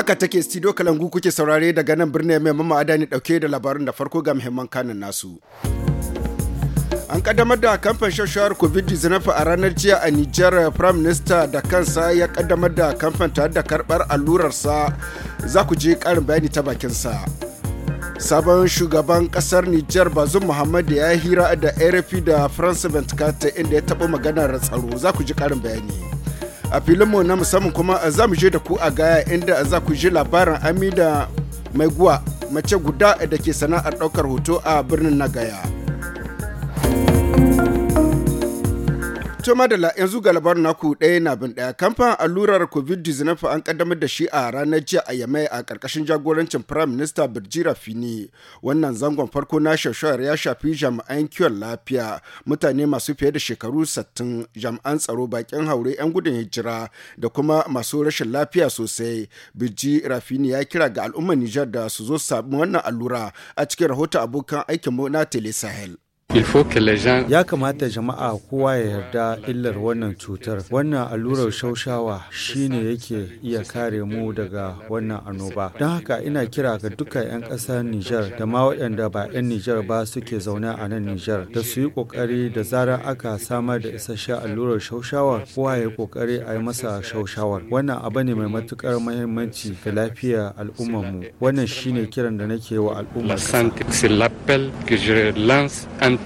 Haka take studio Kalangu kuke saurare daga nan birnin mai mamma adani dauke da labarin da farko ga muhimman kanin nasu. An kaddamar da kamfan shashawar COVID-19 a ranar jiya a Nijar Prime Minister da kansa ya kaddamar da kamfan tare da karbar allurarsa za ku je karin bayani ta bakinsa. Sabon shugaban kasar Nijar Bazum muhammadu ya hira da RFI da France 24 inda ya taɓa maganar tsaro za ku ji karin bayani. a filin filinmu na musamman kuma eh, za mu je da ku a gaya inda eh, za ku ji labarin amida mai guwa mace guda eh, da ke sana'ar ɗaukar hoto a birnin na gaya. To madalla yanzu ga labarin naku ɗaya na bin ɗaya kamfanin allurar covid-19 an kaddamar da shi a ranar jiya a yamai a ƙarƙashin jagorancin prime minister birjira fini wannan zangon farko na shashawar ya shafi jami'an kiwon lafiya mutane masu fiye da shekaru 60 jami'an tsaro bakin haure 'yan gudun hijira da kuma masu rashin lafiya sosai birjira fini ya kira ga al'ummar nijar da su zo su wannan allura a cikin rahoton abokan aikinmu na tele sahel. Ya kamata jama'a kowa ya yarda illar wannan cutar. Wannan allurar shaushawa shine yake iya kare mu daga wannan annoba. Don haka ina kira ga dukkan 'yan ƙasar Nijar da ma waɗanda ba 'yan Nijar ba suke zaune a nan Nijar da su yi ƙoƙari da zarar aka samar da isasshen allurar shaushawa kowa ya yi ƙoƙari a yi masa shaushawar. Wannan abu ne mai matuƙar muhimmanci ga lafiyar mu, Wannan shine kiran da nake wa al'ummar.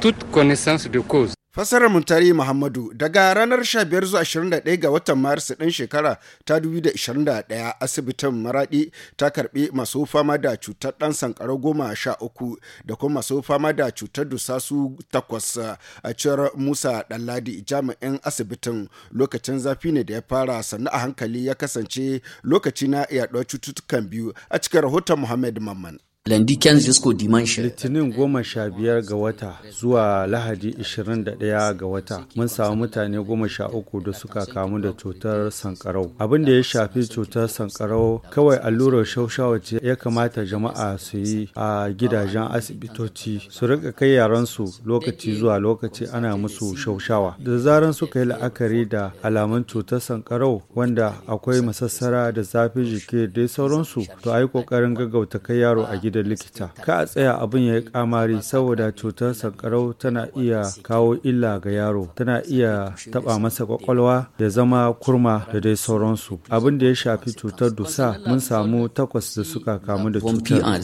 toute connaissance de cause. Fasarar Muntari Muhammadu daga ranar 15 zuwa 21 ga watan Maris ɗin shekara ta 2021 asibitin Maraɗi ta karɓi masu fama da cutar ɗan sankara goma sha uku da kuma masu fama da cutar dusa su takwas a cewar Musa Ɗanladi jami'in asibitin lokacin zafi ne da ya fara sannu a hankali ya kasance lokaci na yaɗuwar cututtukan biyu a cikin rahoton Muhammad Mamman. Lundi Litinin goma sha biyar ga wata zuwa Lahadi 21 ga wata mun samu mutane goma sha uku da suka kamu da cutar sankarau. Abin da ya shafi cutar sankarau kawai allurar shaushawa ce ya kamata jama'a su yi a gidajen asibitoci su rika kai yaransu lokaci zuwa lokaci ana musu shaushawa. Da zaran suka yi la'akari da alamun cutar sankarau wanda akwai masassara da zafin jiki da sauransu to a yi kokarin gaggauta kai yaro a gida da likita ka a tsaya abin ya yi kamari saboda cutar sankarau tana iya kawo illa ga yaro tana iya taba masa kwakwalwa ya zama kurma da dai sauransu abin da ya shafi cutar dusa mun samu takwas da suka kamu da cutar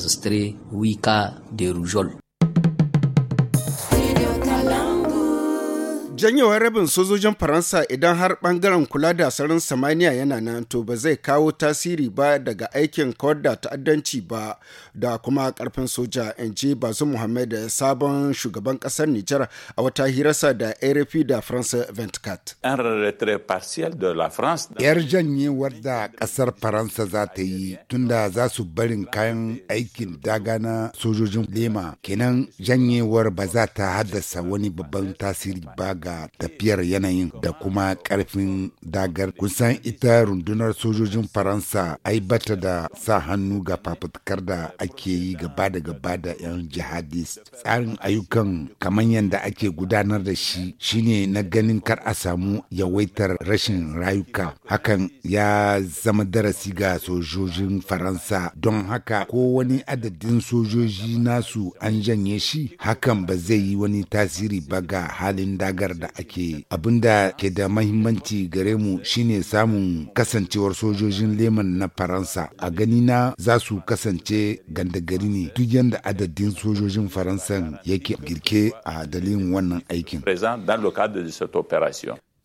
Janyewar rabin sojojin Faransa idan har bangaren kula da sararin samaniya yana nan to ba zai kawo tasiri ba daga aikin kawar da ta'addanci ba da kuma karfin soja in ji Bazu Muhammad sabon shugaban kasar Nijar a wata hirarsa da ARP da France 24. Yar janyewar da kasar Faransa za ta yi tunda za su barin kayan aikin daga na sojojin lema kenan janyewar ba za ta haddasa wani babban tasiri ba ga ga tafiyar yanayin da kuma karfin dagar kusan ita rundunar sojojin faransa ai bata da sa hannu ga fafutukar da ake yi gaba da gaba da 'yan jihadis. tsarin ayyukan kamar yadda ake gudanar da shi shine na ganin kar a samu yawaitar rashin rayuka hakan ya zama darasi ga sojojin faransa don haka ko wani adadin sojoji nasu an janye shi hakan ba zai yi wani tasiri ba ga halin dagar da ake da ke da mahimmanci gare mu shine samun kasancewar sojojin leman na faransa a gani na za su kasance gandagari ne duk yadda adadin sojojin faransa yake girke a dalilin wannan aikin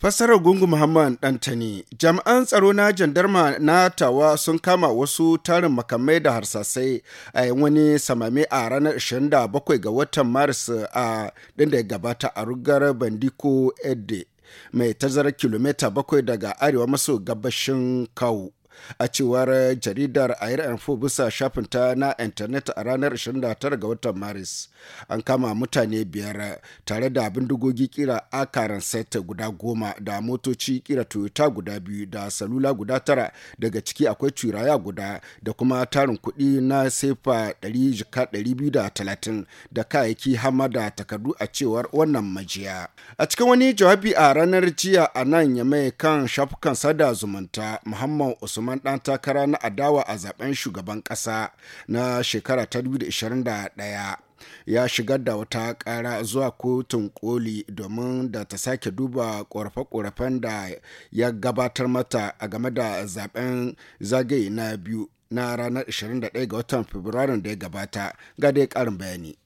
Fassarar Gungu Muhammad Dantani, jami'an tsaro na jandarma na tawa sun kama wasu tarin makamai da harsasai a yin wani samami a ranar 27 ga watan Maris a da ya gabata a rugar Bandiko Edde mai tazarar kilomita 7 daga arewa maso gabashin Kawu. a cewar jaridar air info bisa ta na intanet a ranar 29 ga watan maris an kama mutane biyar tare da bindigogi kira akaran set guda goma da motoci kira toyota guda biyu da salula guda tara daga ciki akwai curaya guda da kuma tarin kuɗi na sefa 230 da kayayyaki hama da takardu a cewar wannan majiya a cikin wani jawabi a ranar jiya a nan ya mai kan shafukan sada zumunta muhammad usman usman dan takara na adawa a zaben shugaban kasa na shekara ta 2021 ya shigar da wata kara zuwa kotun koli domin da ta sake duba korafe-korafen da ya gabatar mata a game da zaben zagaye na biyu na ranar 21 ga watan fabrairun da ya gabata ga dai ƙarin bayani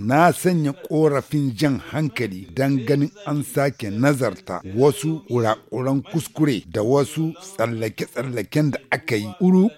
Na sanya ƙorafin jan hankali don ganin an sake nazarta wasu kurakuran kuskure da wasu tsallake-tsallaken da aka yi uru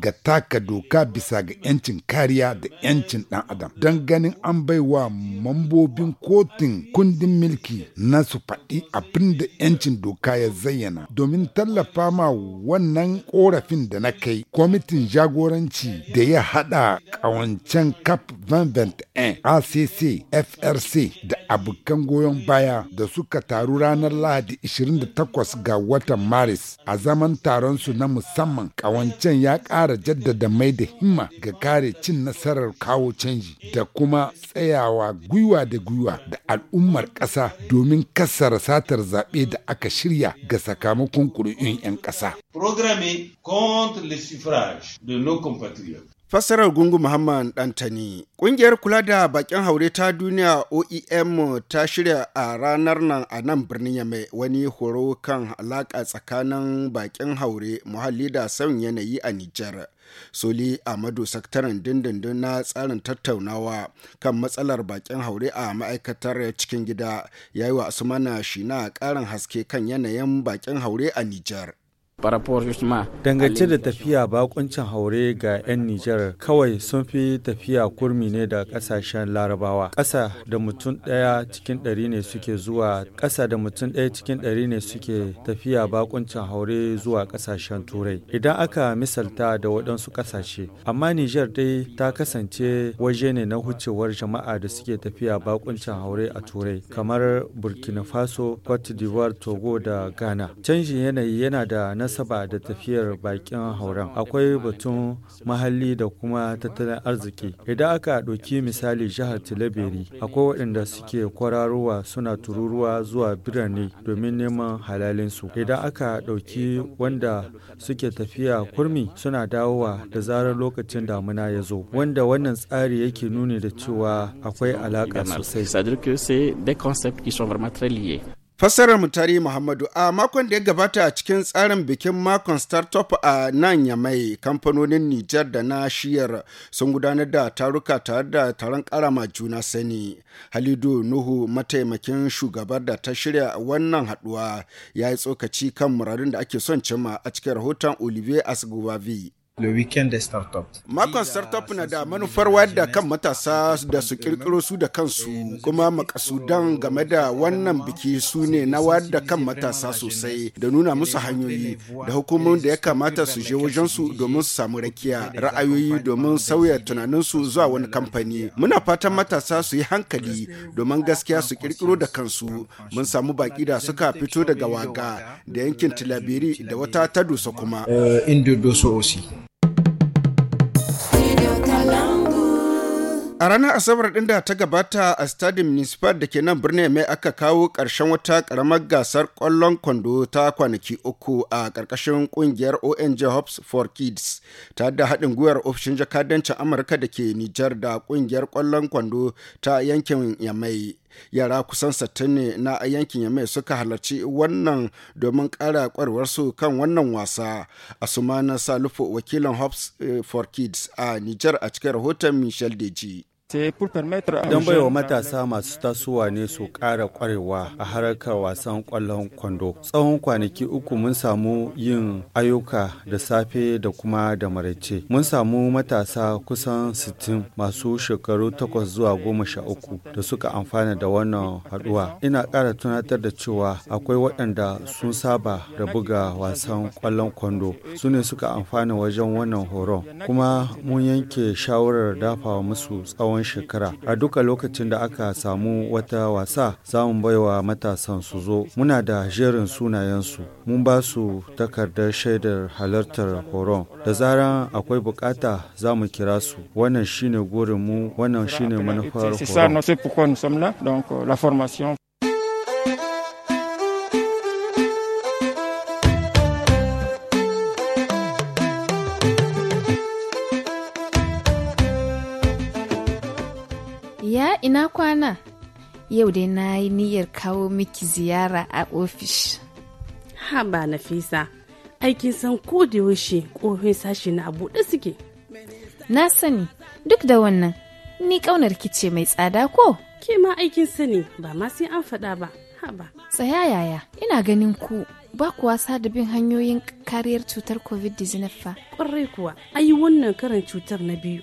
ga taka doka bisa ga 'yancin kariya da 'yancin ɗan adam don ganin an baiwa mambobin kotun kundin milki na su faɗi abin da 'yancin doka ya zayyana domin tallafa ma wannan ƙorafin da na kai kwamitin jagoranci da ya haɗa ƙawancen kaf 2021 acc frc da abokan goyon baya da suka taru ranar lahadi 28 ga watan maris a zaman taron su na musamman kawancen ya ƙara jaddada mai da himma ga kare cin nasarar kawo canji da kuma tsayawa gwiwa da gwiwa da al'ummar ƙasa domin kassara satar zaɓe da aka shirya ga sakamakon ƙuri'un 'yan ƙasa. Programme contre le suffrage de nos compatriotes. Fassarar Gungu Muhammad Dantani. Ƙungiyar kula da bakin haure ta duniya OEM ta shirya a ranar nan a nan birnin Yame wani horo kan alaƙa tsakanin bakin haure muhalli da sauyin yanayi a Nijar. Soli Amadu sakataren dindindin na tsarin tattaunawa kan matsalar bakin haure a ma'aikatar cikin gida ya yi wa Asumana Shina ƙarin haske kan yanayin bakin haure a Nijar. Dangance da tafiya bakuncin haure ga 'yan Nijar kawai sun fi tafiya kurmi ne da kasashen larabawa. Ƙasa da mutum ɗaya cikin ɗari ne suke zuwa ƙasa da mutum ɗaya cikin ɗari ne suke tafiya bakuncin haure zuwa ƙasashen turai. Idan aka misalta da waɗansu ƙasashe, amma Nijar dai ta kasance waje ne na hucewar jama'a da suke tafiya bakuncin haure a turai kamar Burkina Faso, Cote d'Ivoire, Togo da Ghana. Canjin yanayi yana da nasaba da tafiyar bakin hauren akwai batun mahalli da kuma tattalin arziki idan aka ɗauki misali jihar tilabiri akwai waɗanda suke kwararowa suna tururuwa zuwa birane domin neman halalinsu idan aka ɗauki wanda suke tafiya kurmi suna dawowa da zarar lokacin damuna ya zo wanda wannan tsari yake nuni da cewa akwai alaƙa sosai Fassarar Mutari Muhammadu a makon da ya gabata a cikin tsarin bikin makon startup a nan yamai kamfanonin Nijar da na shiyar sun gudanar da taruka tare da taron karama juna sani. Halidu Nuhu mataimakin shugabar da ta shirya wannan haduwa ya yi tsokaci kan muradun da ake son cimma a cikin rahoton Olivier Asgubavi. le weekend des startups. Makon startup na da manufar wayar da kan matasa da su kirkiro su da kansu kuma makasudan game da wannan biki su ne na wayar da kan matasa sosai da nuna musu hanyoyi da hukumomin da ya kamata su je wajen su domin su samu rakiya ra'ayoyi domin sauya tunanin su zuwa wani kamfani. Muna fatan matasa su yi hankali domin gaskiya su kirkiro da kansu. Mun samu baki da suka fito daga waga da yankin Tilabiri da wata ta dusa kuma. Uh, A ranar Asabar ɗin da ta gabata a Stadium Municipal da ke nan birnin mai aka kawo ƙarshen wata ƙaramar gasar ƙwallon kwando ta kwanaki uku a ƙarƙashin ƙungiyar ONG Hops for Kids ta da haɗin gwiwar ofishin jakadancin Amurka da ke Nijar da ƙungiyar ƙwallon kwando ta yankin Yamai. Yara kusan sattin ne na yankin Yamai suka halarci wannan domin ƙara su kan wannan wasa. a Asumana Salufu wakilin Hops eh, for Kids a Nijar a cikin rahoton Michel Deji. Don baiwa matasa masu tasowa ne su ƙara ƙwarewa a harkar wasan ƙwallon kwando. Tsawon kwanaki uku mun samu yin ayyuka da safe da kuma da maraice. Mun samu matasa kusan 60 masu shekaru 8 zuwa 13 da suka amfana da wannan haɗuwa. Ina ƙara tunatar da cewa akwai waɗanda sun saba da buga wasan ƙwallon kwando su ne suka amfana wajen wannan horon. Kuma mun yanke shawarar dafawa musu tsawon tsawon shekara. A duka lokacin da aka samu wata wasa za baiwa matasan su zo. Muna da jerin sunayensu. Mun ba su takardar shaidar halartar horon. Da zaran akwai bukata za mu kira su. Wannan shine gurin mu, wannan shine manufar horon. yau dai na yi niyyar kawo miki ziyara a ofis. Haba Nafisa, aikin san ko da yaushe ƙofin sashi na buɗe suke. Na sani, duk da wannan, ni ƙaunar kice mai tsada ko? Ke ma aikin sani ba ma sai an faɗa ba, haba. Tsaya yaya, ina ganin ku ba ku wasa da bin hanyoyin kariyar cutar COVID-19 fa. Ƙwarai kuwa, ayi wannan karin cutar na biyu.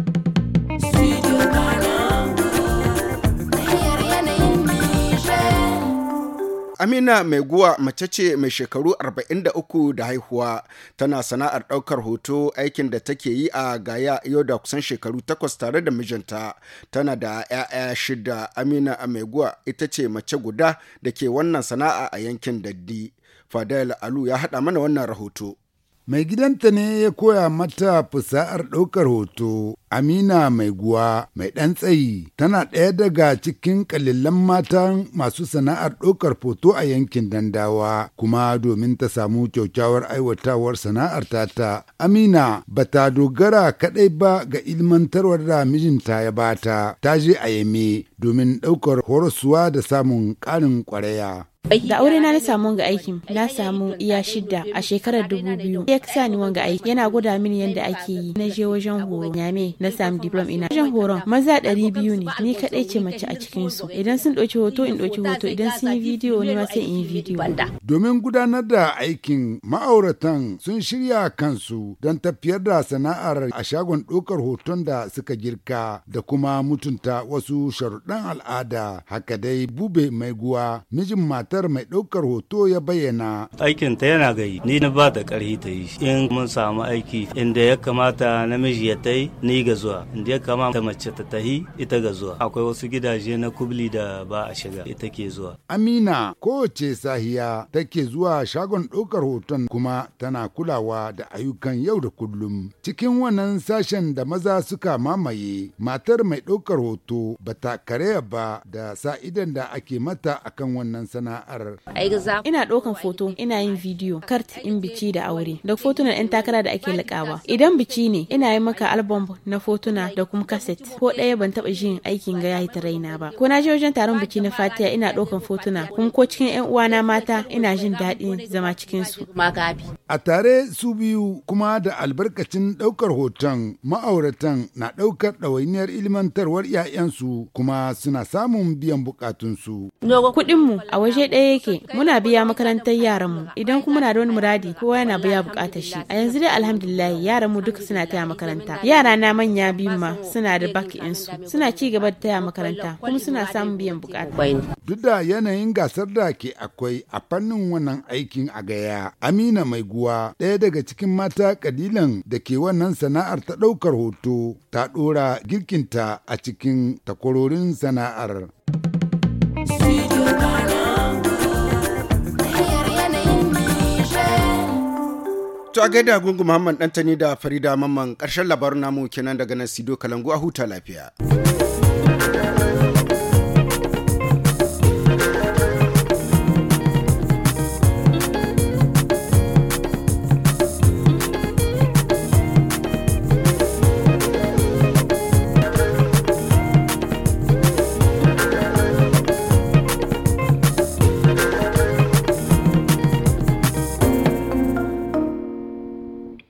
Amina mai guwa mace ce mai shekaru 43 da haihuwa tana sana'ar ɗaukar hoto aikin da take yi a Gaya yau da kusan shekaru takwas tare da mijinta. Tana da 'ya'ya shida Amina mai guwa ita ce mace guda da ke wannan sana'a a yankin Daddi. Fadel Alu ya haɗa mana wannan rahoto. Mai gidanta ne ya koya mata fusa'ar ɗaukar hoto, Amina mai guwa mai ɗan tsayi, tana ɗaya daga cikin ƙalilan matan masu sana'ar ɗaukar foto a yankin Dandawa, kuma domin ta samu kyaukyawar aiwatawar sana'ar tata. Amina ba ta dogara kaɗai ba ga ilmantarwar da mijinta ya bata, ta je a yame domin ɗaukar horosuwa da samun ƙarin ƙwaraya. Da aure na na samu wanga aikin, na samu iya shida a shekarar dubu biyu. Ya ni wanga aiki, yana gwada mini yadda ake yi. Na je wajen horo, nyame, na samu diplom ina. Wajen horon, maza ɗari biyu ne, ni kaɗai ce mace a cikin su. Idan sun ɗauki hoto in ɗauki hoto, idan sun yi bidiyo ni ma sai in yi bidiyo. Domin gudanar da aikin ma'auratan sun shirya kansu don tafiyar da sana'ar a shagon ɗaukar hoton da suka girka da kuma mutunta wasu sharuɗan al'ada. Haka dai bube mai guwa mijin mata matar mai ɗaukar hoto ya bayyana. Aikin ta yana gai. ni na ba da ƙarfi ta yi. In mun samu aiki inda ya kamata namiji ya tai ni ga zuwa, inda ya kamata mace ta tahi ita ga zuwa. Akwai wasu gidaje na kubli da ba a shiga ita ke zuwa. Amina kowace sahiya take zuwa shagon ɗaukar hoton kuma tana kulawa da ayyukan yau da kullum. Cikin wannan sashen da maza suka mamaye, matar mai ɗaukar hoto bata kare ba da sa idan da ake mata akan wannan sana'a. jama'ar. Ina ɗaukan foto, ina yin bidiyo, kart in biki da aure, da fotunan 'yan takara da ake liƙawa. Idan biki ne, ina yi maka album na fotuna da kuma kaset. Ko ɗaya ban taɓa jin aikin ga yayi raina ba. Ko na je wajen taron biki na Fatiya ina ɗaukan fotuna, kuma ko cikin 'yan uwana mata ina jin daɗin zama cikin su. A tare su biyu kuma da albarkacin ɗaukar hoton ma'auratan na ɗaukar ɗawainiyar ilmantarwar 'ya'yansu kuma suna samun biyan bukatunsu. Kuɗinmu a waje ɗaya yake muna biya makarantar yaranmu idan kuma na da wani muradi kowa yana biya bukatar shi a yanzu dai alhamdulillah mu duka suna taya makaranta yara na manya biyu ma suna da baki insu suna ci gaba da taya makaranta kuma suna samun biyan bukata duk da yanayin gasar da ke akwai a fannin wannan aikin a gaya amina mai guwa ɗaya daga cikin mata kadilan da ke wannan sana'ar ta ɗaukar hoto ta ɗora girkinta a cikin takwarorin sana'ar To a gaida gungu Muhammad Dantani da Farida Mamman ƙarshen labarin namu kenan daga nan Sido Kalangu a huta lafiya.